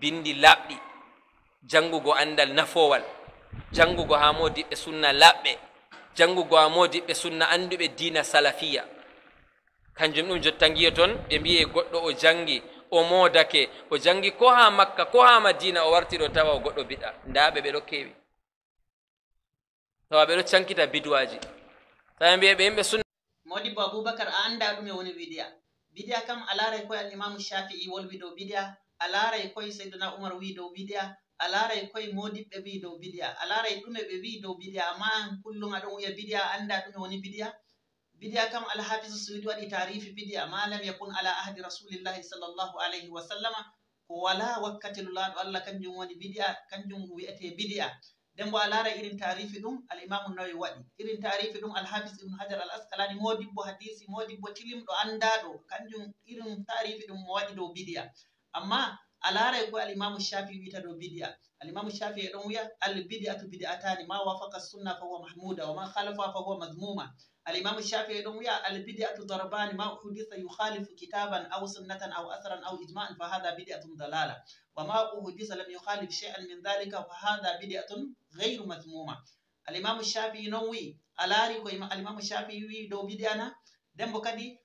bindi laɓɗi jangugo andal nafowal jangugo ha modiɓɓe sunna laɓɓe jangugo ha modiɓɓe sunna anduɓe dina salafiya kanjum ɗum jotta giya toon ɓe mbiye goɗɗo o jangi o modake o jangi ko ha makka ko ha madina o wartiɗo tawa o goɗɗo biɗa ndaɓe ɓeɗo kewi tawa ɓeɗo cankita bidowaji tawa mbiye ɓe yimɓe sunna modi bo aboubacar a anda ɗum e woni widiya bidiya kam a laaray e koye al imamu shafii wolwi ɗo bidiya a laaray koy seydona umar wi dow bidia a laaray koye modiɓɓe wi dow bidia a laaray ɗume ɓe wi dow bidia amma an kulluga ɗon wiya bidia annda ɗume woni bidia bidia kam alhafisu suwidi waɗi tarifi bidia ma lam yakun ala ahdi rasulillahi sallllahu alayhi wa sallama ko wala wakkati lulaaɗo allah kanjum woni bidia kanjum wi'ete bidia nden bo a laaray irin tarifi ɗum alimamu nawi waɗi irin tarifi ɗum alhafis ibnu hajar al askalani modibbo hadisi modibbo tilimɗo annda ɗo kanjum irin tarifi ɗum mo waɗi dow bidia amma a laaray koy alimamu shafi wiyta ɗo bidia alimamu shafi e ɗon wiya albidiatu bidiatani ma wafaka sunna fahuwa mahmuda wama halafa fahuwa mazmuma alimamu shafi e ɗon wiya albidiatu darbani ma uhuditha yuhalifu kitaban au sunnatan au asran au ijma'an fahada bidiatun dalala wama uhuditha lam yuhalif shay'an min dhalika fahada bidiatun gheyru mazmuma alimamu shafi non e wi a laari koye alimamu shafi wi dow bidiana dembo kadi